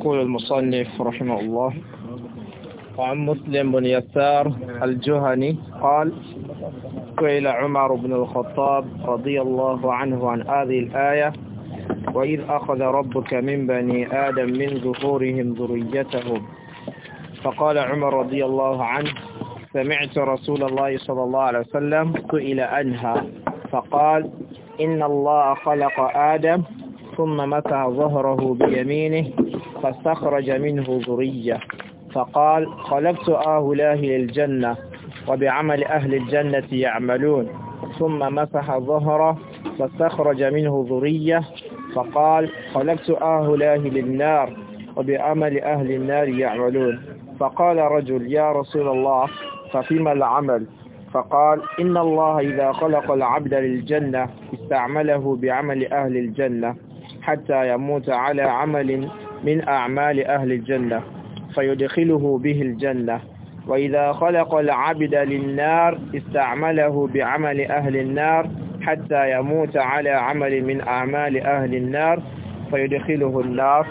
يقول المصنف رحمه الله وعن مسلم بن يسار الجهني قال قيل عمر بن الخطاب رضي الله عنه عن هذه الآية وإذ أخذ ربك من بني آدم من ظهورهم ذريتهم فقال عمر رضي الله عنه سمعت رسول الله صلى الله عليه وسلم سئل عنها فقال إن الله خلق آدم ثم متى ظهره بيمينه فاستخرج منه ذرية فقال خلقت هؤلاء للجنة وبعمل أهل الجنة يعملون ثم مسح ظهره فاستخرج منه ذرية فقال خلقت هؤلاء للنار وبعمل أهل النار يعملون فقال رجل يا رسول الله ففيما العمل فقال إن الله إذا خلق العبد للجنة استعمله بعمل أهل الجنة حتى يموت على عمل من أعمال أهل الجنة فيدخله به الجنة وإذا خلق العبد للنار استعمله بعمل أهل النار حتى يموت على عمل من أعمال أهل النار فيدخله النار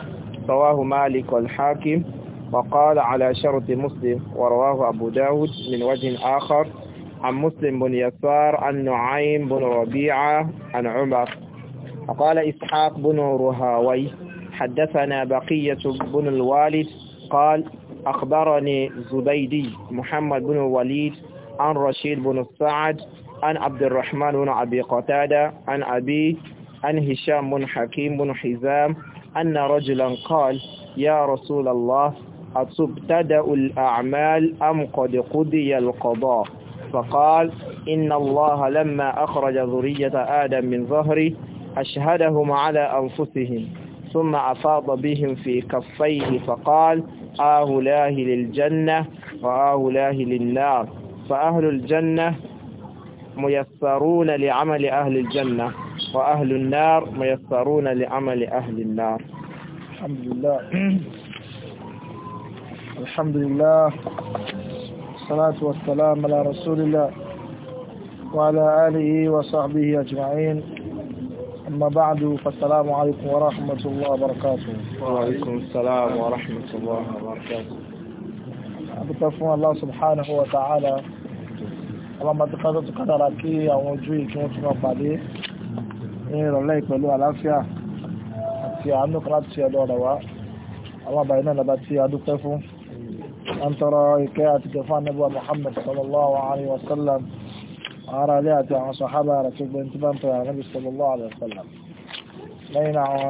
رواه مالك الحاكم وقال على شرط مسلم ورواه أبو داود من وجه آخر عن مسلم بن يسار عن نعيم بن ربيعة عن عمر وقال إسحاق بن رهاوي حدثنا بقية بن الوالد قال أخبرني زبيدي محمد بن الوليد عن رشيد بن السعد عن عبد الرحمن بن أبي قتادة عن أبي عن هشام بن حكيم بن حزام أن رجلا قال يا رسول الله أتبتدأ الأعمال أم قد قضي القضاء فقال إن الله لما أخرج ذرية آدم من ظهري أشهدهم على أنفسهم ثم أفاض بهم في كفيه فقال لاه للجنة لاه للنار فأهل الجنة ميسرون لعمل أهل الجنة وأهل النار ميسرون لعمل أهل النار الحمد لله الحمد لله والصلاة والسلام على رسول الله وعلى آله وصحبه أجمعين أما بعد فالسلام عليكم ورحمة الله وبركاته وعليكم السلام ورحمة الله وبركاته أبتفون الله سبحانه وتعالى ọlọ́mọ tí ká tó tó kádàrà kí àwọn ojú yìí kí wọ́n tún máa pàdé ní ìrọ̀lẹ́ pẹ̀lú àlàáfíà àti àánú kan láti ọ̀dọ̀ ọ̀rọ̀ wá alábàáyé náà lọ́ba tí a dúpẹ́ fún. wọ́n tọrọ ìkẹ́ àti gẹ̀fọ́ anábọ̀ Muhammad sallallahu alaihi wasallam ara ilé àti àwọn sọ̀hábà rẹ̀ tó gbé tí bá ń tọ́ àwọn Ànábì sallallahu alaihi lẹ́yìn àwọn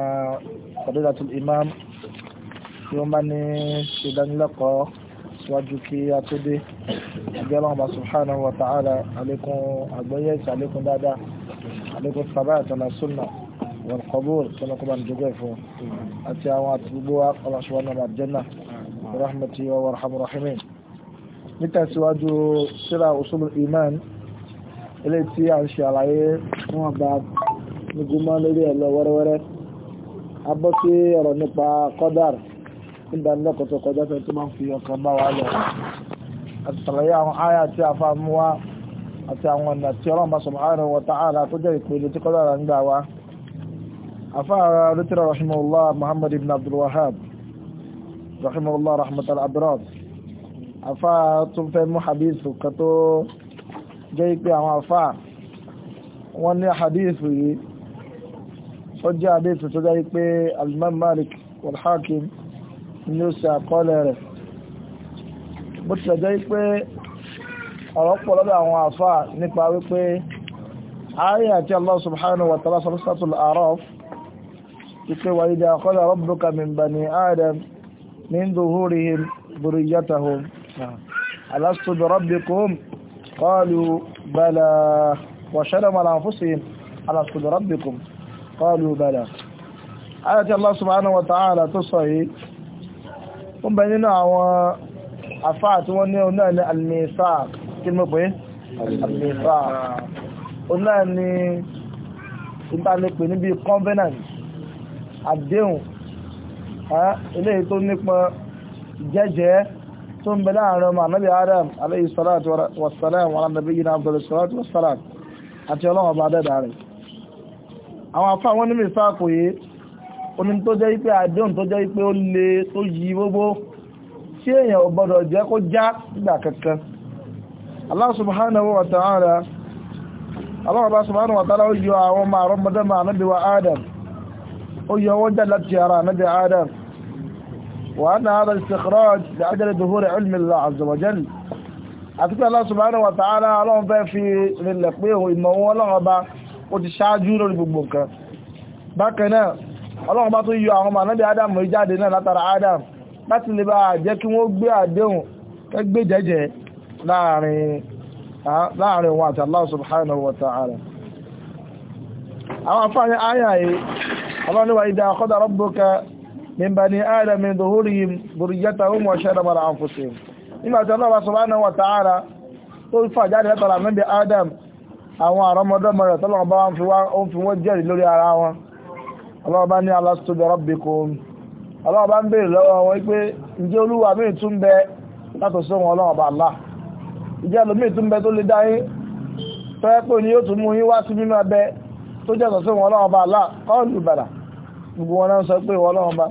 ọ̀dọ́dàtù imam tí ó máa ní ìdánilẹ́kọ̀ọ́ síwájú kí a tó dé ẹgbẹ́ ọlọ́mọba subhanahu wa ta'ala àlékún àgbọ́yé dáadáa àlékún sábà àtàlà súnà wọn kọbúr tó ń jogọ́ ilé tí a ń ṣe àlàyé wọn bá gbogbo lórí ẹ̀lọ wẹ́rẹ́wẹ́rẹ́ abọ́ sí ọ̀rọ̀ nípa kọ́dàr nígbà lẹ́kọ̀ọ́ tó kọjá fẹ́ tó máa ń fi ọkàn bá wa lọ àtàlàyé àwọn àyà tí a fa mú wá àti àwọn ọ̀nà tí ọlọ́mọ subhanahu wa ta'ala tó jẹ́ ìpele tí kọ́dàr ń gbà wá afára lítírà rahimahullah muhammad ibn abdul rahimahullah rahmatul abdurrahman afára tún fẹ́ mú hadith kan tó jẹ́ pé àwọn àfà wọ́n ní hadith yìí ó jẹ́ hadith tó jẹ́ pé al-Imam Malik wal-Hakim ni ó ṣe àkọọ́lẹ̀ rẹ̀ bó ti jẹ́ pé ọ̀rọ̀ pọ̀ lọ́dọ̀ àwọn àfà nípa wípé ayé àti Allah subhanahu alastu bi rabbikum قالوا بلى وشرم على أنفسهم على أسكد ربكم قالوا بلى آية الله سبحانه وتعالى تصعي ثم بيننا وعفعت ونعنا الميثاق كلمة بيه الميثاق قلنا أن ìbálẹ̀pẹ̀ níbi covenant ها ilé tó nípa jẹ́jẹ́ tó ń bẹ láàrin ọmọ anábì adam alayhi salatu wasalam wọn nàbí yìí náà salatu wasalam àti ọlọ́wọ́ bá dẹ́dà rẹ̀ àwọn afá wọn ní mìsáàkù yìí oní tó jẹ́ pé àdéhùn tó jẹ́ pé ó le tó yí gbogbo tí èèyàn ò gbọdọ̀ jẹ́ kó já nígbà kankan Allah subhanahu wa ta'ala Allah وأن هذا الاستخراج لأجل ظهور علم الله عز وجل àtúkẹ́ Allah subhanahu wa ta'ala ọlọ́run fẹ́ fi rinlẹ̀ pé ohun ìmọ̀ wọn ọlọ́run ọba ó ti ṣáájú lórí gbogbo nǹkan bákanáà ọlọ́run ọba tó yọ àwọn mànábí adam ìjáde náà látara adam láti lè bá jẹ́ kí wọ́n gbé àdéhùn kẹgbé jẹ́jẹ́ láàrin wọn àti Allah subhanahu wa ta'ala àwọn afáàní ayà yìí ọlọ́run wa idha akhadha rabbuka من بني آدم من ظهورهم ذريتهم وشرب على أنفسهم إما ترى الله سبحانه وتعالى قل فجعل يطلع من بني آدم àwọn àrọmọdọ́ mọ̀rẹ̀ tọ́lọ̀ bá wọ́n fi wọ́n fi wọ́n jẹ́rìí lórí ara wọn ọlọ́ọ̀bá ní alastu bi rabbikum ọlọ́ọ̀bá ń bèèrè lọ́wọ́ wọn pé ǹjẹ́ bẹ ni sọ sí wọn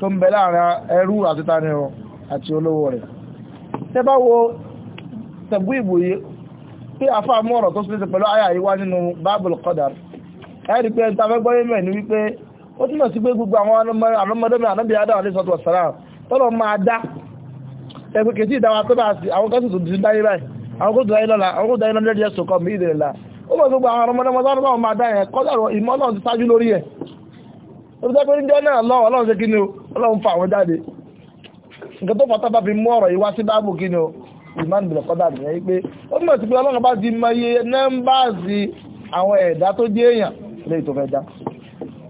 tó ń bẹ láàrin ẹrú àti tani ọ àti olówó rẹ̀ tẹ́ bá wo tẹ̀gbú ìbòye pé afá mú ọ̀rọ̀ tó sílẹ̀ pẹ̀lú àyà yìí wá nínú Babul Qadar ẹ̀rí pé ta fẹ́ gbọ́yé mẹ́ ní wípé ó túnmọ̀ sí pé gbogbo àwọn anọ́mọdọ́mọ ànábì Adam alayhi salatu wassalam tọ́lọ̀ máa dá ẹgbẹ́ kejì la ó mọ̀ gbogbo àwọn ọmọdọ́mọ tó bá máa dá yẹn kọ́dà ìmọ̀ náà ọlọ́run fa àwọn jáde nǹkan tó fọ́tọ́ bá fi mú ọ̀rọ̀ yìí wá sí báàbù kí ni o ìmáà nìbìlẹ̀ kọ́dà nìyẹn wípé ó mọ̀ sí pé ọlọ́run bá ti mọ iye nẹ́mbàsì àwọn ẹ̀dá tó jẹ́ èèyàn lẹ́yìn tó fẹ́ já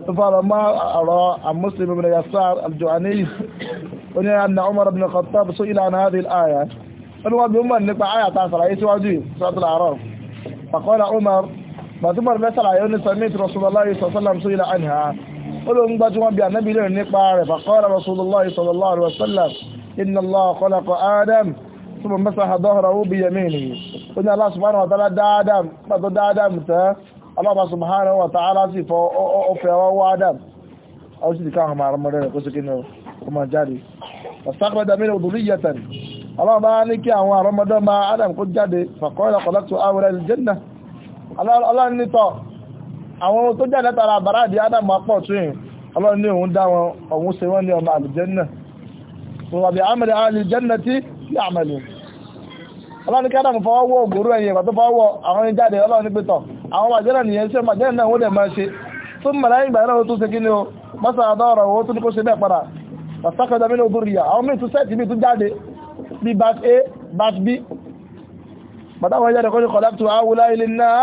tó fọ́rọ̀ mọ́ ọ̀rọ̀ àmúslim ibn yasar aljohanil oní anna umar ibn khattab so ila na hadhihi al-aya wani wa bi umar nípa aya ta sàlàyé síwájú suratul a'raf faqala umar bàtúmọ̀ rẹ̀ sàlàyé ó ní sami rasulullah sallallahu alaihi wasallam ila anha olóńgbà tí wọ́n bí ànábì lẹ́rìn nípa rẹ̀ faqala rasulullah sallallahu alaihi wasallam inna allaha khalaqa adam thumma masaha dhahrahu bi yaminihi ó ní allah subhanahu wa ta'ala dáadáa pàtó dáadáa mùtẹ́ allah subhanahu wa ta'ala ó ní kí àwọn àrọmọdé ma adam àwọn tó jẹ́ látara àbáráàdì Ádámù apọ̀ tún yìí ọlọ́run ní òun dá wọn òun ṣe wọ́n ní ọmọ àlùjẹ́nà tó wà bí àmàlẹ̀ àlùjẹ́nà tí yà àmàlẹ̀ ọlọ́run kí Ádámù fọwọ́ wọ ògòrò ẹ̀yìn ìgbà tó fọwọ́ wọ àwọn ẹni jáde ọlọ́run ní pẹ̀tọ̀ àwọn àjẹ́nà nìyẹn ṣe màjẹ́nà náà wọ́n dẹ̀ máa ṣe tó mọ̀lá ìgbà náà tó ṣe kí ni o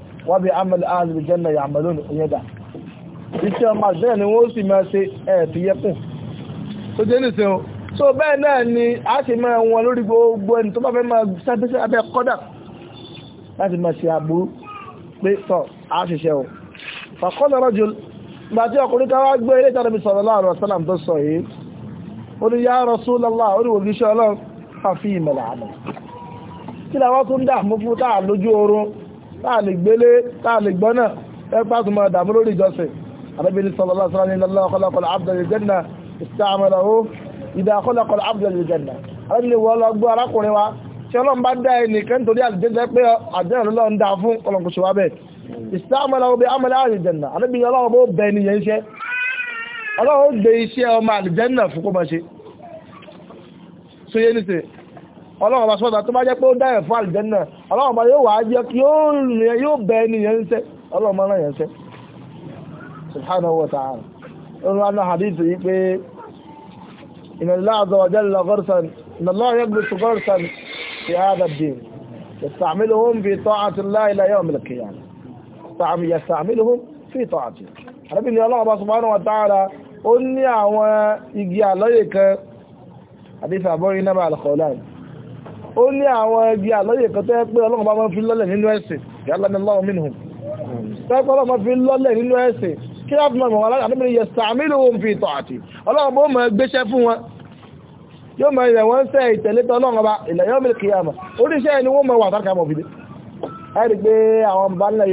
wọ́n bí amẹ́lẹ̀ ààrẹ jẹ́nà ìyàmẹ́lò ìyẹ́dà iṣẹ́ ọmọ àṣẹ́yẹ̀ ni wọ́n sì máa ṣe ẹ̀ẹ̀fì yẹ́kùn tó jẹ́ nìṣẹ́ o so bẹ́ẹ̀ náà ni a ṣe máa wọn lórí gbogbo ẹni tó bá fẹ́ máa sábẹ́sẹ́ abẹ́ kọ́dà láti máa ṣe àbúrú pé tọ́ a ṣiṣẹ́ o fàkọ́nà rọ́jò gbà tí ọkùnrin ká wá gbé ilé táà lè gbélé táà lè gbọ́nà ẹgbà tó máa dàmú lórí ìjọsìn arábìnrin ní sallallahu alaihi wasallam inna Allah khalaqa al-abda lil-janna ista'malahu idha khalaqa al-abda lil-janna arábìnrin wọ́n lọ gbọ́ arákùnrin wa tí ọlọ́run bá dá ẹnìkan nítorí àlùjẹ́jẹ́ pé àjẹ́rẹ̀ lọ́lọ́run dá fún ọlọ́nkùnṣe wa bẹ́ẹ̀ ista'malahu bi amali ahli al-janna arábìnrin ọlọ́run bó bẹ ọlọ́run ọba sọ́dọ̀ tó bá jẹ́ pé ó dáyẹ̀ fún àlùjànnà ọlọ́run ọba yóò wá jẹ́ kí yóò bẹ ẹniyàn ń sẹ́ ọlọ́run ọba náà yẹn sẹ́ subhanahu wa ta'ala ọlọ́run ọba hadith yìí pé inna Allah azza wa jalla ghursan inna Allah yaghrisu ghursan fi hadha ad-din yasta'miluhum fi ta'ati Allah ila yawm al-qiyamah yasta'miluhum fi ta'ati arábìnrin ọlọ́run ọba ó ní àwọn ẹbí àlọ́yè kan tó yẹ pé ọlọ́run bá máa fi lọ́lẹ̀ nínú ẹ̀sìn yàrá ni ọlọ́run mìíràn tẹ́kọ́ ọlọ́run fi lọ́lẹ̀ nínú ẹ̀sìn kí á fi mọ̀ wọn láti àdúgbò yẹ sàmìlì ohun fi ìtọ̀ àti ọlọ́run bó máa gbéṣẹ́ fún wọn yóò máa ilẹ̀ wọn sẹ́ ìtẹ̀lé tọ́ ọlọ́run bá ilẹ̀ yóò mìíràn kìí àmà oríṣẹ́ ẹni wọ́n máa wà tàkà mọ̀ fìdí ẹ rí pé àwọn bàbá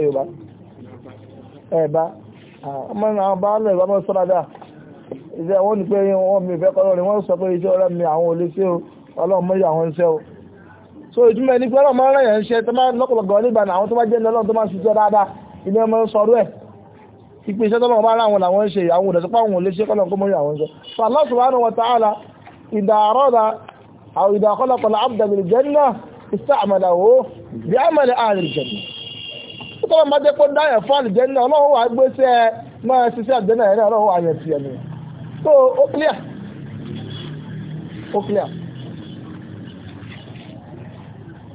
yorùbá wọn ọmọ àwọn baálẹ̀ ìwà mọ́ sọ́dádá ìṣẹ́ wọ́n ni pé wọ́n mi fẹ́ kọ́lọ́ ni wọ́n sọ pé iṣẹ́ ọ̀rẹ́ mi àwọn olè sí o ọlọ́run mọ́ àwọn iṣẹ́ o so ìtumọ̀ ní pé ọlọ́run máa ń rẹ̀ yẹn ṣe tó máa lọ́pọ̀lọpọ̀ nígbà àwọn tó bá jẹ́ ọlọ́run tó máa ń ṣiṣẹ́ dáadáa ilé ọmọ sọrú ẹ̀ ìpè iṣẹ́ tọ́lọ́run bá ráwọn làwọn ṣe àwọn òdẹ̀sọ́ àwọn ṣe tọ́lọ́ máa jẹ́ pé dáyẹ̀ fún àlìjẹ́ náà ọlọ́run wà gbéṣẹ́ máa ṣiṣẹ́ àjẹ́ náà ẹ̀rẹ́ ọlọ́run wà yẹn ti ẹ̀mí so ó clear ó clear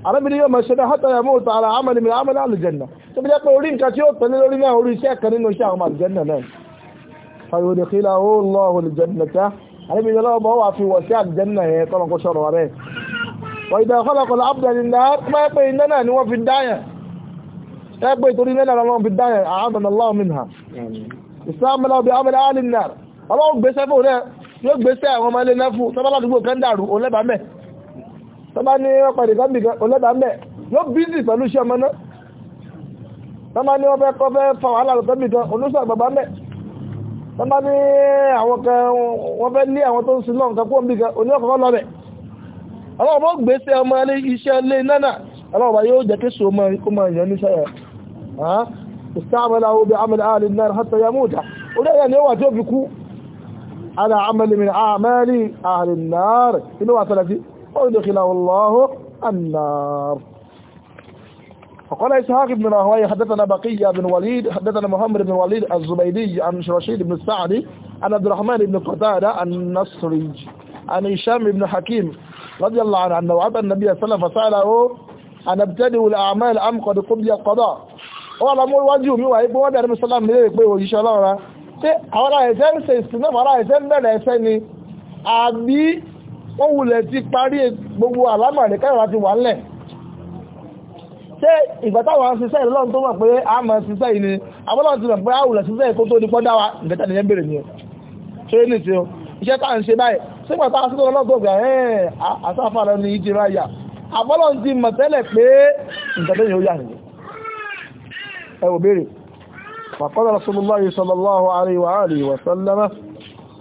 arábìnrin yóò máa ṣe náà hátà ẹ̀mú òtò ara amẹ́lì mi amẹ́lì àlìjẹ́ náà tó bí jẹ́ pé orí nǹkan tí ó tẹ̀lé lórí náà orí iṣẹ́ kan nínú iṣẹ́ àwọn àlìjẹ́ náà náà fàyòdìkìlà ó lọ́ọ̀hùn àlìjẹ́ náà arábìnrin yóò máa wà fi wọ̀ sí àlìjẹ́ náà yẹn kọ́lọ́kọ́ ẹgbẹ́ ìtorí lẹ́nà ọlọ́run fi dáyẹ̀ àádọ́nà ọlọ́run mìíràn ìsáàmìlá ọbẹ̀ àmìlá àlìnà ọlọ́run gbèsè fún rẹ̀ yóò gbèsè àwọn ọmọ ilé nẹ́fù sọ́bá ládùúgbò kan dàrú olẹ́bàmẹ́ sọ́bá ní wọ́n pàdé kan bì kan olẹ́bàmẹ́ yóò bízì pẹ̀lú iṣẹ́ ọmọ náà sọ́bá ní wọ́n fẹ́ kọ́ fẹ́ fa wàhálà ها استعمله بعمل اهل النار حتى يموت ولا يعني هو اتوبكو على عمل من اعمال اهل النار في هو ثلاثي ويدخله الله النار فقال إسحاق بن راهوي حدثنا بقية بن وليد حدثنا محمد بن وليد الزبيدي عن رشيد بن السعدي عن عبد الرحمن بن قتادة النصري عن هشام بن حكيم رضي الله عنه عن النبي صلى الله عليه وسلم فسأله أن ابتدئوا الأعمال أم قد قضي القضاء wọ́n lọ mú wájú mi wà ipò wọ́n dẹ̀ níbi sọ́lá mílẹ̀ pé òjíṣẹ́ ọlọ́ra tí àwọn ará ẹ̀sẹ̀ ń sèṣì náà ará ẹ̀sẹ̀ ń bẹ̀rẹ̀ ẹ̀sẹ̀ ni àbí wọ́n wulẹ̀ ti parí gbogbo àlámọ̀rẹ̀ káyọ̀ láti wà ńlẹ̀ ṣé ìgbà táwọn ṣiṣẹ́ ìlú lọ́n tó mọ̀ pé a mọ̀ ṣiṣẹ́ yìí ni abọ́lọ́n ti mọ̀ pé a ni ṣé ní ti o iṣẹ́ tá à ń ṣe báyìí sígbà táwọn ṣiṣẹ́ lọ́n tó gbà ẹ́ẹ̀ àṣàfà lọ ní ìjì ráyà abọ́lọ́n ti mọ̀ tẹ́lẹ̀ pé ìgbà tẹ́yìn yà ní أوبري فقال رسول الله صلى الله عليه وآله وسلم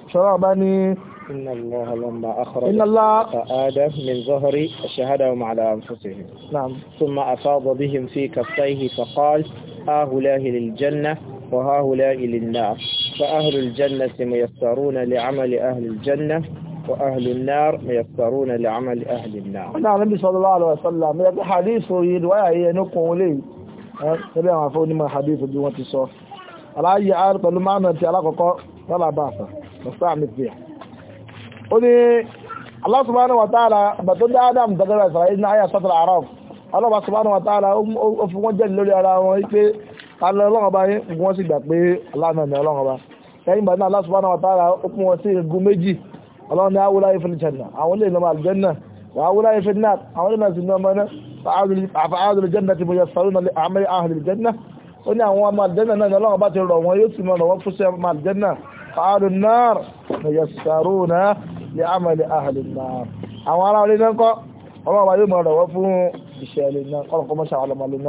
شرابني إن الله لما أخرج إن الله آدم من ظهري أشهدهم على أنفسهم نعم ثم أفاض بهم في كفيه فقال آه للجنة وهؤلاء لاه للنار فأهل الجنة ميسرون لعمل أهل الجنة وأهل النار ميسرون لعمل أهل النار نعم النبي صلى الله عليه وسلم يبي حديثه يدوى ينقوا لي ẹbí eh, àwọn afọ onímọ̀ hadith bí wọ́n ti sọ aláyé ààrẹ pẹ̀lú márùn ti alákọ̀ọ́kọ́ lọ́la bá àfà lọ́sọ́ àmì fìyà ó ní Allah adam dagara ìsàrà ìdí náà sọ́tàrà arab Allah subhanahu wa ta'ala ó fún wọn jẹ́ lórí ara wọn pé alẹ́ ọlọ́run bá yín wọ́n Allah subhanahu wa ta'ala ó fún wọn sí igun méjì ọlọ́run ní awúláyé fún ìjẹ̀nà àwọn ilé ìlọ́mọ àlùjẹ́ náà wà awúláyé fún náà àwọn ilé náà sì ní ọmọ náà fàáàdùn jẹ́nà ti mú yẹ sọ́rọ̀ náà àmì àhàlì jẹ́nà ó ní àwọn ọmọ àjẹ́nà náà lọ́wọ́ bá ti rọ̀ wọ́n yóò sì mọ̀ lọ́wọ́ fún sí ọmọ àjẹ́nà fàáàdùn náà mú yẹ sọ́rọ̀ náà ní àmì àhàlì náà àwọn ará orí náà kọ́ ọlọ́wọ́ bá yóò mọ̀ lọ́wọ́ fún ìṣẹ̀lẹ̀ náà kọ́lọ̀kọ́ mọ́ṣà ọlọ́mọlẹ́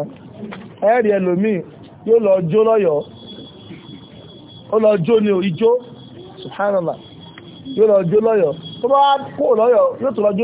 náà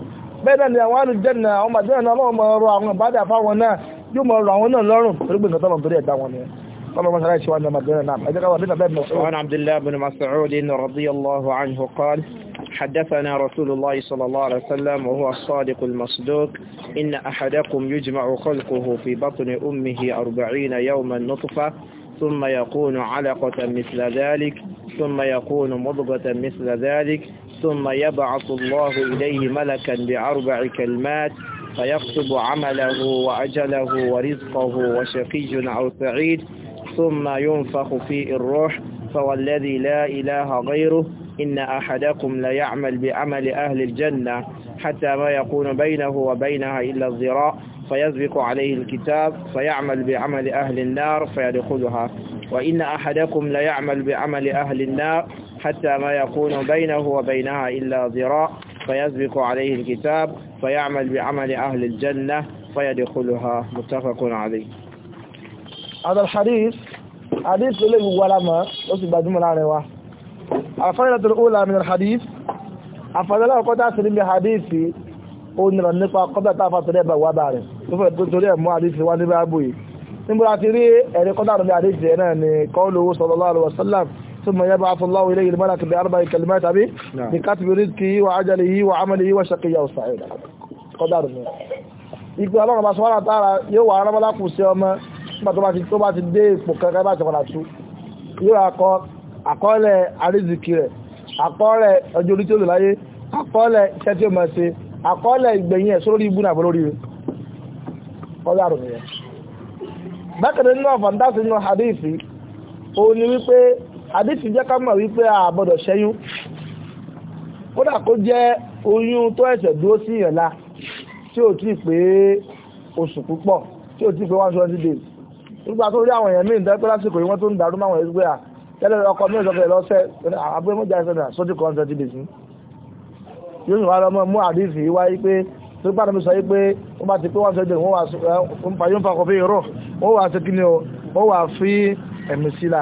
bẹ́ẹ̀ ni àwọn àwọn fáwọn náà yóò àwọn náà lọ́rùn وعن عبد الله بن مسعود رضي الله عنه قال حدثنا رسول الله صلى الله عليه وسلم وهو الصادق المصدوق إن أحدكم يجمع خلقه في بطن أمه أربعين يوما نطفة ثم يكون علقة مثل ذلك ثم يكون مضغة مثل ذلك ثم يبعث الله إليه ملكا بأربع كلمات فيكتب عمله وأجله ورزقه وشقي أو سعيد ثم ينفخ في الروح فوالذي لا إله غيره إن أحدكم ليعمل بعمل أهل الجنة حتى ما يكون بينه وبينها إلا الذراع فيسبق عليه الكتاب فيعمل بعمل أهل النار فيدخلها وإن أحدكم ليعمل بعمل أهل النار حتى ما يكون بينه وبينها إلا ذراع فيسبق عليه الكتاب فيعمل بعمل أهل الجنة فيدخلها متفق عليه هذا الحديث حديث له ولما أصبح دمنا عليه الفائدة الأولى من الحديث àfàdálà ọkọ̀ tá sí níbi hadithi onìràn nípa kọ́dá tàfà tẹ́lẹ̀ bá wà báyìí tó fẹ́ tó torí ẹ̀mọ́ hadithi wá ní báàbù yìí nígbà tí rí ẹ̀rí kọ́dá rẹ̀ hadithi ẹ̀ náà ni kọ́lùwó sallallahu alaihi wasallam ثم يبعث الله إليه الملك بأربع كلمات أبي بكتب رزقه وعجله وعمله وشقيه أو سعيد قدر من ikú ọlọ́run bá sọ́wọ́n àtàrà yóò wà rán mọ́lákù sí ọmọ nígbà tó bá ti dé ipò kẹ́kẹ́ bá ti padà tú yóò akọ àkọọ́lẹ̀ àrízìkì rẹ̀ àkọọ́lẹ̀ ọjọ́ orí tí ó lò láyé àkọọ́lẹ̀ iṣẹ́ tí ó mọ̀ sí àkọọ́lẹ̀ ìgbẹ̀yìn ẹ̀ àdísì jẹ́ ká mọ̀ wípé a gbọ́dọ̀ ṣẹ́yún kódà kó jẹ́ oyún tó ẹ̀ṣẹ̀ dúró sí ìyànlá tí ò tí pé oṣù púpọ̀ tí ò tí pé 120 days nígbà tó rí àwọn èèyàn míì dẹ́pẹ́ lásìkò yìí wọ́n tó ń dàrú máwọn èèyàn pé à tẹ́lẹ̀ ọkọ mi ìsọfẹ́ lọ́sẹ̀ abúlé mọ́jà ìsọdà sọ́jú kan 120 days yóò sì wá lọ mọ́ mú àdísì wáyé pé tó gbádùn mi sọ yí pé wọ́n bá ti pé 120 days wọ́n wà ń fa yóò ń fa kọfí ìrọ̀ wọ́n wà sí kí ni o wà fi ẹ̀mí sílá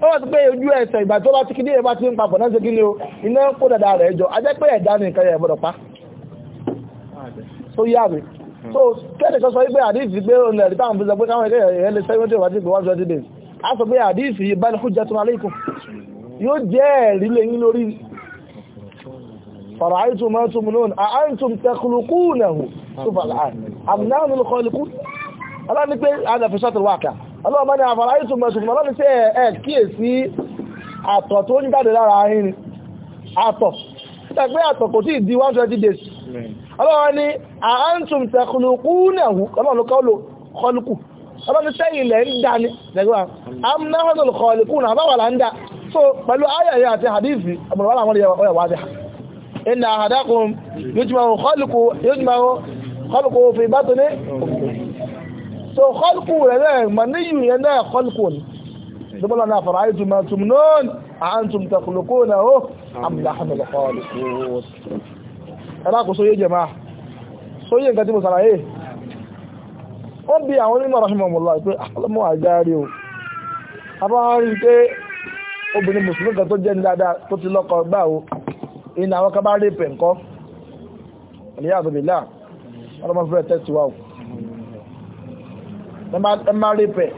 ó wà tó pé ojú ẹsẹ̀ ìgbà tó bá ti kíní ẹ̀bá ti ń papọ̀ náà ṣe kí ni o iná ń kó dàda rẹ̀ jọ a jẹ́ pé ẹ̀dá ní nǹkan yẹ̀ gbọ́dọ̀ pa tó yá mi so kẹ́lẹ̀ kan sọ pé àdíìsì pé òun ẹ̀rí táwọn fúnṣọ pé káwọn ẹ̀kẹ́ ẹ̀yẹ lè sẹ́yìn tó wà sí one twenty days a sọ pé àdíìsì yìí bá ní lè yín lórí fọ̀rọ̀ ọlọ́ọ̀bá ni àfàrà ìtùmọ̀ ṣùgbọ́n lọ́nà sí ẹ̀ kíyèsí àtọ̀ tó ń jáde lára yín àtọ̀ pẹ́ àtọ̀ kò tí ì di 120 days ọlọ́wọ́ ni àántùm tẹ̀kùnlùkú nẹ̀hù ọlọ́lùkọ́lùkù ọlọ́ni sẹ́yìn lẹ̀ ń dá ní ẹgbẹ́ amnáhànlùkọ́lùkù náà báwà là ń dá so pẹ̀lú ayẹyẹ àti hadithi ọmọlọ́wọ́ àwọn ọyẹ̀wà àti ìnà àdákùn yóò jùmọ̀ kọ́lùkù fi bátoni so kọ́lùkù rẹ̀ náà mà níyù yẹn náà kọ́lùkù ni dọ́bọ́lá náà fara ayé tuma tum nọ́ọ̀n à ń tum takuluku náà ó àmì àhàmìlì kọ́lùkù ẹ̀rọ àkóso yé jẹ̀má sóyè nǹkan tí mo sàlàyé wọ́n bí àwọn onímọ̀ rahimahumullah pé àlọ́mọ́ ah, àjáre o abáwárí pé obìnrin mùsùlùmí kan tó jẹ́ ní dáadáa tó ti lọ́kọ gbáwo ìnà àwọn kábàárẹ̀ pẹ̀ǹkọ́ ìyá àbẹ̀bẹ̀lá ọlọ́mọ fẹ́ tẹ́sí wa o ẹmà rẹpẹ̀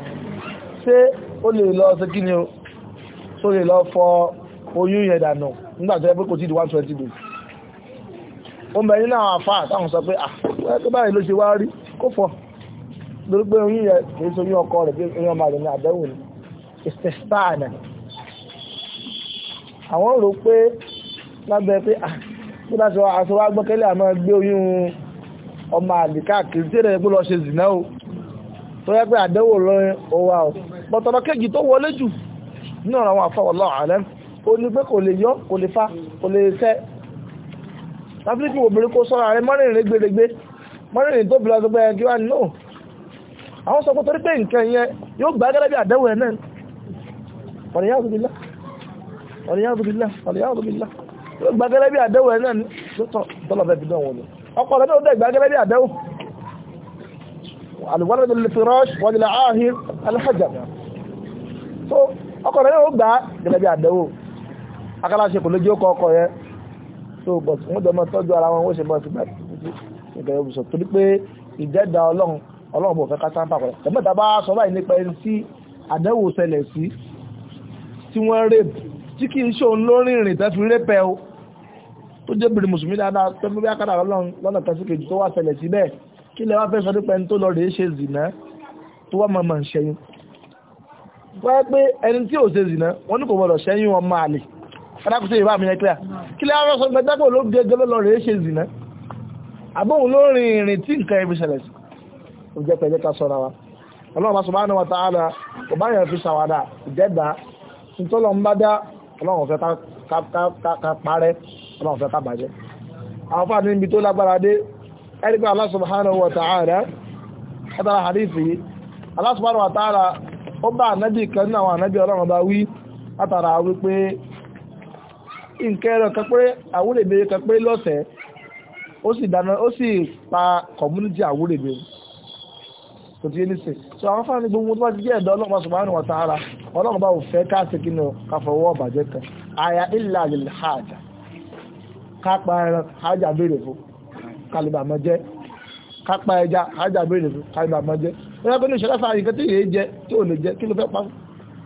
ṣé ó lè lọ ṣe kí ni o tó lè lọ fọ oyún yẹn dànù nígbàtí ẹ pé kò tí di 120 days o mẹ́rin náà àfáà táwọn sọ pé ah ẹgbẹ́ báyìí ló ṣe wá rí kó fọ́ lórí pé oyún yẹn kìí ṣe oyún ọkọ rẹ̀ bí oyún ọmọ rẹ̀ ní àdẹ́wò ah bí bá ṣe wá gbọ́kẹ́lẹ̀ àmọ́ gbé oyún ọmọ àlè káàkiri tó yẹ pé àdẹ́wò lọ́rin owó àwọn bọ̀tọ̀rọ̀ kéjì tó wọlé jù ní ọ̀rọ̀ àwọn àfọwọ̀lọ́ ààrẹ ó ní pé kò lè yọ́ kò lè fa kò lè sẹ́ láfíríkì obìnrin kó sọ́ra rẹ mọ́rìnrìn gbèrègbè mọ́rìnrìn tó bìlọ tó gbẹ́yẹn kí wá nínú àwọn sọ pé torí pé nǹkan yẹn yóò gbá gẹ́gẹ́ bí àdẹ́wò ẹ̀ náà ọ̀rẹ́yàwòdìbìlá ọ̀rẹ́yàwòdìbìlá ọ̀rẹ́yàwòdìbìlá yóò gbá gẹ́gẹ́ bí àdẹ́wò ẹ̀ náà alùwárẹ̀dẹ̀ lẹ́fẹ̀rọ́ṣ wọ́dìlẹ̀ ahir alhajar so ọkọ̀ rẹ̀ ó gbà gẹ́gẹ́ bí àdẹ́wò akálàṣe kò lójú ọkọ̀ ọkọ̀ so but wọ́n jọ mọ́ tọ́jú ara wọn ó ṣe mọ́ sí ìgbẹ̀rẹ̀ òbùsọ̀ torí pé ìjẹ́dà ọlọ́run ọlọ́run bò fẹ́ ká sáńpà pẹ̀lú tẹ̀mẹ́ta bá sọ báyìí nípa ẹni tí àdẹ́wò ṣẹlẹ̀ sí tí wọ́n rèp tí kì í ṣe òun ló rìnrìn tẹ́ tó jẹ́ bìrì mùsùlùmí dáadáa tẹ́mú bí akára ọlọ́run lọ́nà tẹ́sí tó wà ṣẹlẹ̀ sí bẹ́ẹ̀ kí lẹ wá fẹ́ sọ nípa ẹni tó lọ rèé ṣe zìnà tó wá mọ̀mọ̀ ṣẹ́yìn wáyé pé ẹni tí ò ṣe zìnà wọ́n ní kò gbọdọ̀ ṣẹ́yìn ọmọ àlè fẹ́lákùtì ìbá mi yẹn kílẹ̀ kí lẹ wá fẹ́ sọ nípa ẹni tó lọ gẹ́gẹ́ lọ rèé ṣe zìnà àbóhùn ló rin ìrìn tí nǹkan ẹbí ṣẹlẹ̀ sí ó jẹ́ pẹ̀lú ká sọ́ra wa ọlọ́run bá sọ̀bá náà tààlà kò bá yẹn fi ṣàwádà ìjẹ́dà nítọ́lọ́ ń bá dá ọlọ́run fẹ́ ká parẹ́ ọlọ́run fẹ́ ká bàjẹ́ àwọn ẹni pé Allah subhanahu wa ta'ala ẹ̀tàrà hadithi Allah subhanahu wa ta'ala ó bá ànábì kan nínú àwọn ànábì wi bá wí látara wípé nkẹ́rọ kẹpẹ́ àwúrèbé kẹpẹ́ lọ́sẹ̀ dana pa community àwúrèbé kò ti ní so àwọn fáwọn ní gbogbo tó ti jẹ́ ẹ̀dọ́ ọlọ́run subhanahu wa ta'ala ọlọ́run bá ò fẹ́ kan haja ka kálíbà mọ́ jẹ́ kápá ẹja ajá béèrè fún kálíbà mọ́ jẹ́ wọ́n yá pé ní ìṣẹ́ lásán àyíká tí èyí jẹ tí ò lè jẹ kí ló fẹ́ pa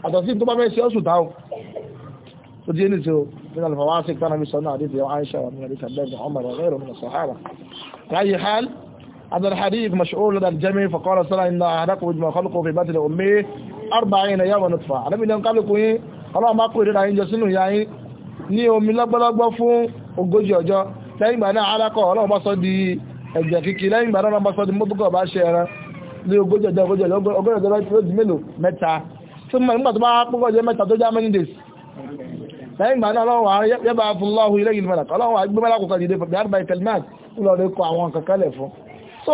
àtọ̀ sí tó bá fẹ́ ṣe ọ́ sùn táwọn tó di ẹni tí ó nínú àlùfàwásí tánà mi sọ́nà àdìsí àwọn àìṣà wà nínú àdìsí ọmọ rẹ̀ rẹ̀ rẹ̀ sọ̀hárà láyé hal هذا الحديث مشعور لدى الجميع فقال صلى الله إن أهلكم بما خلقوا في بطن أمه أربعين يوم نطفة أنا من ينقل لكم ọlọ́run bá kúrò dára yíjọ sínú ìyá yín ní omi lọ́gbọ́lọ́gbọ́ fún ogójì ọjọ́ lẹ́yìn ìgbà náà alákọ̀ ọlọ́run ẹ̀jẹ̀ kíkì lẹ́yìn ìgbà náà bá sọ bá ṣe ẹran ní ogójì days lẹ́yìn ìgbà náà ọlọ́run wa yẹ́bà fúnláhù ilé yìí mẹ́ta ọlọ́run wa gbé mẹ́ta so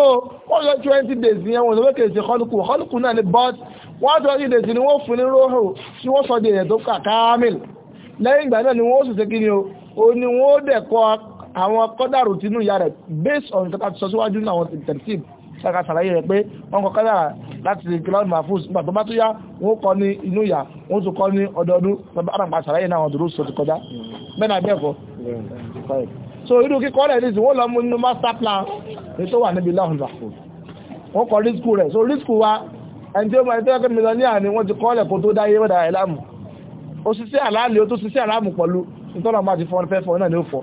wọ́n yọ twenty days yẹn wọ́n sọ kèsì kọ́lùkù kọ́lùkù náà ni but one twenty days ni wọ́n fún ní róhù tí wọ́n sọ di èyàn tó kà kámìl lẹ́yìn ìgbà náà ni wọ́n sì ṣe ni o ni wọ́n dẹ̀ àwọn kọ́dàrù tinú ìyá rẹ̀ based on nǹkan tí sọ síwájú náà wọn ti ṣàlàyé rẹ̀ pé wọ́n kọ kọ́dàrà láti cloud mahfuz nígbà tó yá wọ́n kọ ní inú ìyá wọ́n tún kọ ní ọdọọdún pẹ̀lú àràpà ṣàlàyé náà so irú kíkọ́ rẹ̀ ní máa ti kọ́ náà ni ó fọ́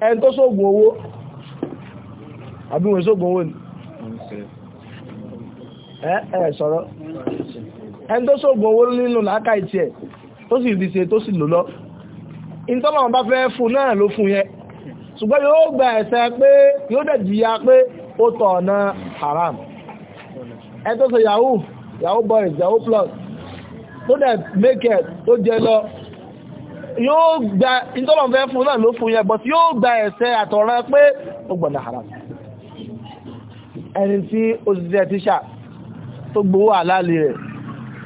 ẹni tó ṣògùn owó àbí wọ́n ṣògùn owó ni ẹ sọ̀rọ̀ ẹni tó ṣògùn owó nínú láàkà ìtì ẹ̀ tó sì rí tó sì lò lọ ìtọ́lọ̀ bá fẹ́ fún náà ló fún yẹn ṣùgbọ́n yóò gba ẹ̀ṣẹ̀ pé yóò dẹ̀ jìyà pé ó tọ̀ ọ̀nà haram ẹni tó ṣe yahoo yahoo boys yahoo plus tó dẹ̀ make it tó jẹ lọ yóò gba ìtọ́lọ̀ fẹ́ fún náà ló fún yẹn but yóò gba ẹ̀ṣẹ̀ àtọ̀ràn pé ó gbọ̀nà haram ẹni tí ó ti jẹ́ tíṣà tó gbowó àlàálì rẹ̀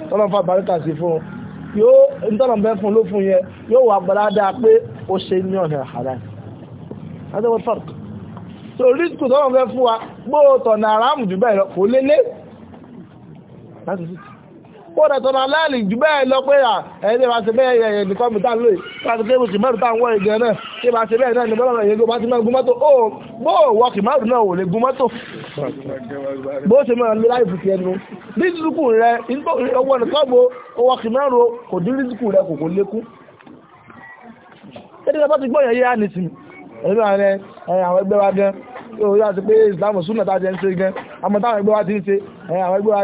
tọ́lọ̀ fà bàríkà sí fún yóò ìtọ́lọ̀ fẹ́ fún ló fún yẹn yóò wà gbọ́dá pé ó ṣe ní ọ̀nà haram adéwọ́ fọ́ọ̀kì so rísìkù tọ́lọ̀ fẹ́ fún wa gbóòtọ̀ nà haram jù bẹ́ẹ̀ lọ kò lélẹ̀ láti sí ó rẹ̀ tọ́nà aláàlì jù bẹ́ẹ̀ lọ pé à ẹni máa ṣe bẹ́ẹ̀ yẹn nìkan mi táwọn lóye láti pé oṣù mẹ́rin táwọn wọ́n ìgbẹ́ náà ṣé máa ṣe bẹ́ẹ̀ náà ní bọ́lá yẹn gbọ́n ti máa mọ́tò ó bó náà ò lè mọ́tò bó ṣe máa lé láì ẹnu rẹ rẹ kò kò àwọn ẹgbẹ́ wa gan yóò yá ti pé ìsìlámù a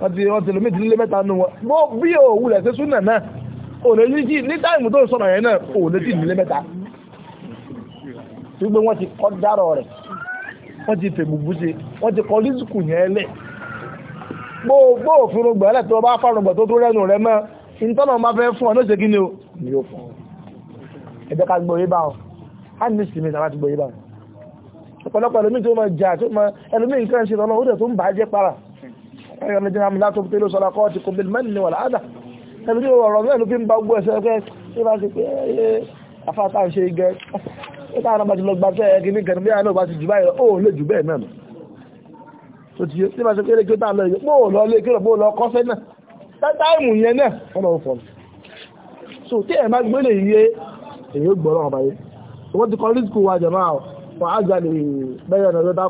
àti ọtí lómi ti lé mẹ́ta nù wọn bó bí o wulẹ̀ ṣe súnà náà ò lè ní jí ní táìmù tó sọ̀rọ̀ yẹn náà ò lè jí nílé mẹ́ta gbogbo wọn ti kọ́ dárọ̀ rẹ̀ wọ́n ti fèbùbù ṣe wọ́n ti kọ́ lísìkù yẹn lẹ̀ gbogbo òfin gbà lẹ̀ tó bá fárùngbà tó tó rẹ́nu rẹ mọ́ ìtọ́nà máa fẹ́ fún ọ ní ṣe kí ni o ni yóò fún ọ ẹ̀jẹ̀ ká gbọ́ yé bá ọ á ní sinmi sábà ti gbọ́ yé bá ọ ọ̀pọ̀lọpọ̀ ẹlòmíì tó máa jà tó máa ẹlòmíì nǹkan ṣe lọ́nà ó dẹ̀ tó ń bàá jẹ́ para ẹ̀yọ́ ní jẹ́nàmù látò pé ló sọ́lá kọ́ọ̀tì kò bíi mẹ́rin wà láàdà ẹ̀mí tí ọ̀rọ̀ náà ló fi ń ba gbọ́ ẹ̀sẹ̀ pé ṣé bá ti pé ẹ̀ afáta ń ṣe igẹ ẹ̀ táwọn ọmọ ti lọ gba tẹ́ ẹ̀kí ní kẹrin bí àná bá ti jù báyìí ó lè jù bẹ́ẹ̀ náà tó ti yé nípa ṣe pé eléyìí táwọn lọ yìí pé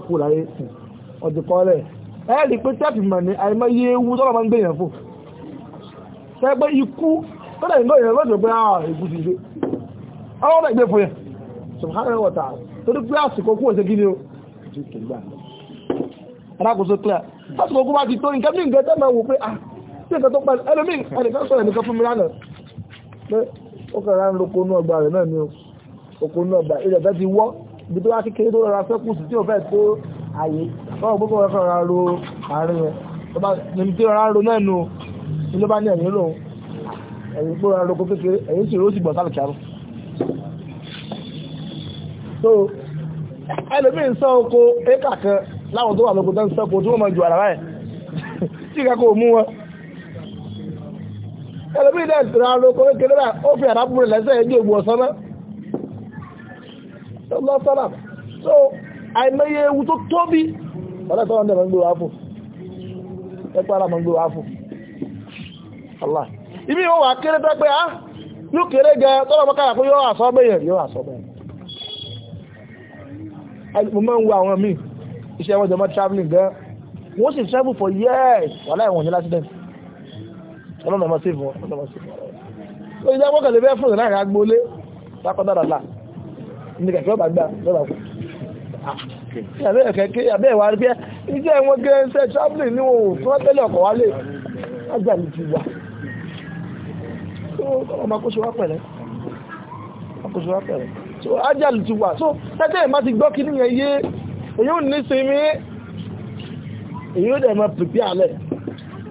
ó lọ lé ẹ̀ẹ́dì pé tẹ́ẹ̀fì mọ̀ ní àìmọye ewu tọ́lọ̀ máa ń gbé èèyàn fún ṣe pé ikú tọ́lọ̀ ìgbé èèyàn lọ́jọ́ pé àwọn ah, èkú ti gbé ọwọ́ rẹ̀ gbé fún yẹn subhanahu wa ta'ala torí pé àsìkò kú òṣèkí ni ó ti tẹ̀gbà alákòóso clear àsìkò kú bá ti tó nǹkan mí nǹkan tẹ́ máa wò pé ah sí nǹkan tó pa ẹlòmí ẹnìkan sọ̀rọ̀ nìkan fún mi lánàá pé ó kàn rán lóko inú ọgbà rẹ̀ náà ni ó oko inú ọgbà ilẹ̀ bẹ́ẹ̀ ti wọ́ ibi tó wá kékeré tó rọra fẹ́ kù sí tí ò fẹ́ tó ayé wọ́n gbogbo ọ̀rọ̀ ọ̀rọ̀ ro àárín rẹ̀ níbi tí ọ̀rọ̀ ro náà nù ní ló bá ní ẹ̀yìn lòun ẹ̀yìn pé ọ̀rọ̀ rogo kékeré ẹ̀yìn sì ró sì bọ̀ sálẹ̀ kíárù so ẹlòmíín sọ oko éka kan láwọn tó wà lóko tó ń sọ́kò tí wọ́n mọ̀ ju àrà báyìí tí ìka kò mú wọn ẹlòmíín náà sì ra roko kékeré báyìí ó fi àrà búrẹ̀ lẹ́sẹ̀ ẹ̀jẹ̀ ògbù ọ̀sán náà àìmẹ́yẹ ewu tó tóbi ọ̀lẹ́tọ́lọ́ ń dẹ̀ mọ́ ń gbé wá fún ẹgbára mọ́ ń gbé wá fún Allah ibi ìwọ̀n wà kéré tó pé á ah, yóò kéré gẹ tọ́lọ̀ mọ́kàrà fún yóò àsọ bẹ́yẹn yóò àsọ bẹ́yẹn mo máa ń wo àwọn míì iṣẹ́ wọn jẹ́ mọ́ traveling gan wọ́n sì travel for years wà láì wọ̀n ní accident ọlọ́nà ọmọ save wọn ọlọ́nà ọmọ save wọn ó ti jẹ́ wọ́kànlẹ́fẹ́ fún ìrìn àgbólé lákọ́dọ̀dọ̀lá ní kẹ̀kẹ́ ọba gbà lọ́ba kù àbẹ́ ìwà rí pé ìjẹ́ ìwọ̀n gẹ́ẹ̀ẹ́sẹ́ traveling ní ohun tí wọ́n tẹ́lẹ̀ ọkọ̀ wálé agbàmì ti wà ọmọ akóṣe wá pẹ̀lẹ́ akóṣe wá pẹ̀lẹ́ so ajalu ti wà so tẹ́tẹ́ ìmá ti gbọ́ kíní yẹn yé èyí ò ní sinmi èyí ò dẹ̀ mọ́ pìpì alẹ́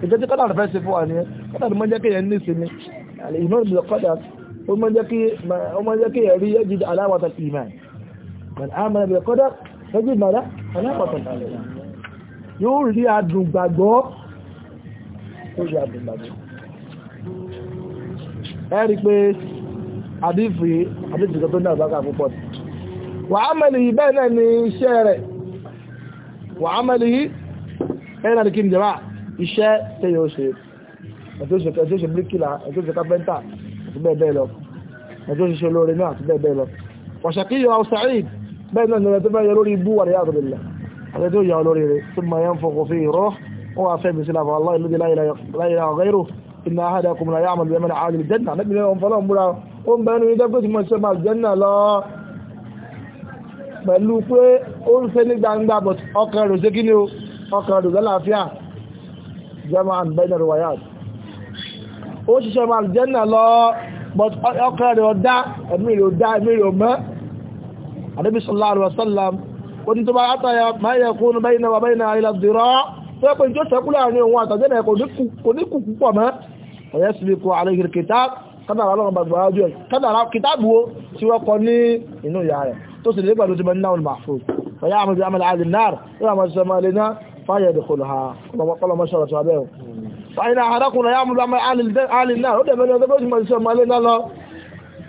ìjẹ́ tí kọ́dà fẹ́ ṣe fún wa ní kọ́dà ló mọ́ jẹ́ kéèyàn ní sinmi ìmọ̀ ìbílẹ̀ kọ́dà ó mọ́ jẹ́ kéèyàn rí yẹ́ jíjẹ aláwọ̀ta ìmọ̀ من آمن بالقدر تجد ماذا؟ علاقة العلم yóò rí adùn gbàgbọ́ tó ṣe adùn gbàgbọ́ ẹ̀rí pé àdífì àdífìkọ́ tó ní àbákà púpọ̀ wà á mẹ́lì yìí bẹ́ẹ̀ náà ni iṣẹ́ rẹ̀ wà á mẹ́lì yìí ẹ̀rẹ́ náà kí n jẹ́mà iṣẹ́ tẹ́ yóò ṣe ẹ̀tọ́ṣe bíríkìlà ẹ̀tọ́ṣe kápẹ́ntà àti bẹ́ẹ̀ bẹ́ẹ̀ lọ ẹ̀tọ́ṣe ṣe àti bẹ́ẹ̀ bẹ́ẹ̀ lọ bẹ́ẹ̀ náà nìyẹn tó fẹ́ yẹ lórí ibú wà láyé àdùnlẹ̀ àti tó yà ọ lórí rẹ̀ tó máa yẹn fọkọ̀ fi rọ́ ó wà fẹ́ bisí láfa aláì lóde láyé àgbẹ̀rù iná ahàdà kùmùlà yà àmàlù yẹmẹ́nà àlè jẹ́nà níbi ní ọ̀n fọlọ́ múra ó ń bẹ́ẹ̀ nínú dẹ́gbẹ́ tí mo ṣe máa jẹ́nà lọ pẹ̀lú pé ó ń fẹ́ ní gbangba but ọkàn rò rẹ̀ wáyà ẹ̀mí rẹ̀ ọ̀dá ẹ̀mí rẹ̀ ọ̀mọ́ ànábì sallallahu alaihi wasallam ó ní tó bá átàyà máa yẹ kún bẹ́yìn náà bẹ́yìn náà ilẹ̀ dìrọ́ tó yẹ pé tó sẹ́kù láàrin òun àtàjẹ́ náà kò ní kù púpọ̀ mọ́ ọ̀yẹ́ sì kò àlejò kìtàb kádàrá ọlọ́run bá gbà ájú ẹ̀ kádàrá kìtàbù ó tí wọ́n kọ ní inú ìyá rẹ̀ tó sì lè gbàdó ti bẹ ní náà mahfuz ọ̀yá àmì bí àmì àlè náà yóò àmì sọmọ ilé náà fáyẹ̀ dùkọlù ha kọlọmọ sọ̀rọ̀ tó abẹ́ wọn. wáyé náà arákùnrin ọ̀yá àmì bí àmì àlè náà ó dẹ̀ mẹ́rin ọdọ́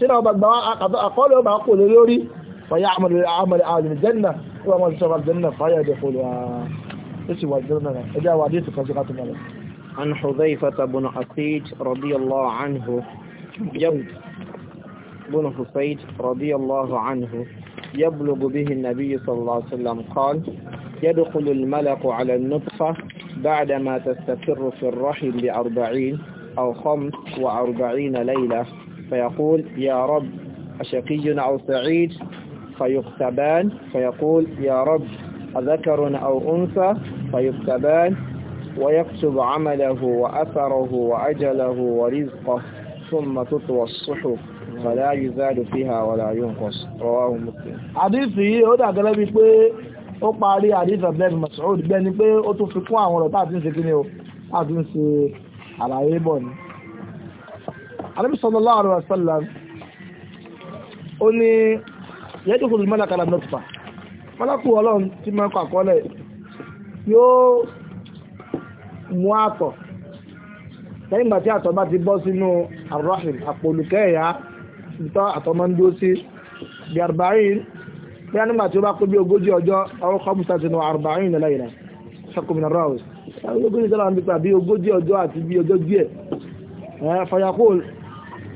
tíra ọba gbà àkọọ́lẹ̀ ọba kò lè lórí fàyà àmàlẹ̀ àlùjẹ́nà wọ́n wọ́n sọ àlùjẹ́nà fàyà ẹ̀dẹ̀ kò lè ẹ̀sì wà jẹ́nà ẹjẹ́ wà عن حذيفة بن أسيد رضي الله عنه بن حسيد رضي الله عنه يبلغ به النبي صلى الله عليه وسلم قال يدخل الملك على النطفة بعدما تستقر في الرحم بأربعين أو خمس وأربعين ليلة فيقول يا رب أشقي أو سعيد فيكتبان فيقول يا رب أذكر أو أنثى فيكتبان ويكتب عمله وأثره وأجله ورزقه ثم تطوى الصحف فلا يزال فيها ولا ينقص رواه مسلم حديث yìí ó dà gẹ́lẹ́ bí pé ó parí hadith abdul mas'ud bẹ́ẹ̀ ni pé ó tún fi kún àwọn ọ̀rọ̀ tá a ti ń ṣe Ànábì sallallahu alaihi wasallam ó ní yẹ́jú kò lùmọ́lá kala nọ́tùpà mọ́lákù ọlọ́run ti máa ń kọ àkọọ́lẹ̀ yóò mú àtọ̀ lẹ́yìn ìgbà tí àtọ̀ bá ti bọ́ sínú arrahim àpòlùkẹ́ ẹ̀yà ìtọ́ àtọ̀ máa ń dúró sí bí arba'in bí a nígbà tí ó bá kó bí ogójì ọjọ́ àwọn kọ́mùsà sínú arba'in nílẹ̀ ìlà ṣàkómìnà rọ́ọ̀sì ogójì ọjọ́ àti bí ọjọ́ díẹ̀ fayakóòlù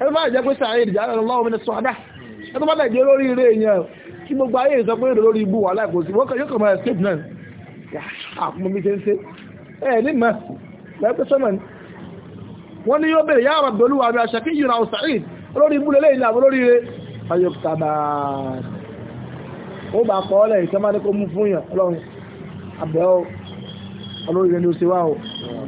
ẹni máa jẹ́ pé Sa'id jẹ́ ọlọ́wọ́ mi ní sọ́dá ẹni máa jẹ́ lórí eré èèyàn kí gbogbo ayé ìsọ pé èrò lórí ibú wà láìpò sí ni wọ́n ní yóò bèèrè yára bàbá olúwa mi àṣà kí yìí ra ọ̀ Sa'id olórí ibú lélẹ́ ìlà àwọn olórí eré ayọ̀ tàbá ó bá kọ́ ọ́lẹ̀ ìkẹ́ máa ní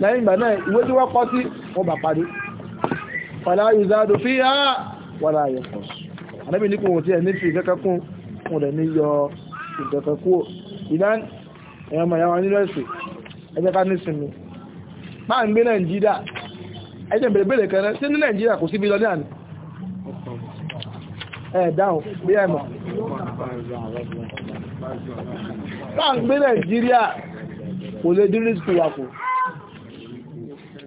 lẹ́yìn ìgbà náà ìwé tí wọ́n kọ́ sí wọ́n bà parí fàlà ìzádò fi á wàrà àyẹ̀kọ́ àdẹ́bì ní kòhùn tí ẹ̀ ní fi ìkẹ́kẹ́ kún wọn rẹ̀ ní yọ ìkẹ́kẹ́ kú ìdán ẹ̀yọ́ mọ̀ yàwọn nínú ẹ̀sìn ẹjẹ́ ká ní sinmi máa ń gbé nàìjíríà kò lè dín ní sùkúwà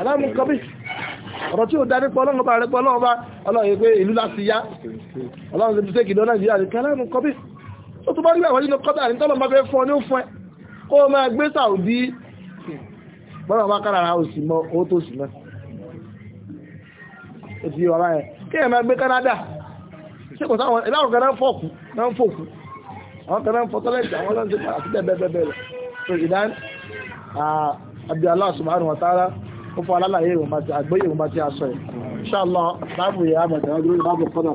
aláàmú kọ́bí ọ̀rọ̀ tí ó dá nípa ọlọ́run bá rẹ̀ pọ̀ ọlọ́run bá ọlọ́run yìí pé ìlú láti yá ọlọ́run ti bíṣẹ́ kìlọ́ nàìjíríà ní kẹ́lẹ́mù kọ́bí ó tún bá nígbà wọ́n nínú kọ́tà ní tọ́lọ́mọ fẹ́ fún ọ ní ó fún ẹ kó o máa gbé sàùdí bọ́lá bá kára òsì mọ́ owó tó sì mọ́ ó ti wà báyẹn kí ẹ̀ máa gbé Canada ṣé kò sáwọn ìlànà kan náà fọ̀kù náà fọ̀kù àwọn kan náà àbí Allah subhanahu wa ta'ala ó fún alálàyé ìwọ̀nba ti àgbóyè ìwọ̀nba ti aṣọ ẹ̀ inṣàlá láàbù yẹ àmàtàwọn dúró ìbábù kọ́nà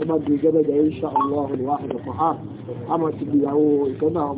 ó bá di ìjọba ìjọ inṣàlá olùwà àjọpọ̀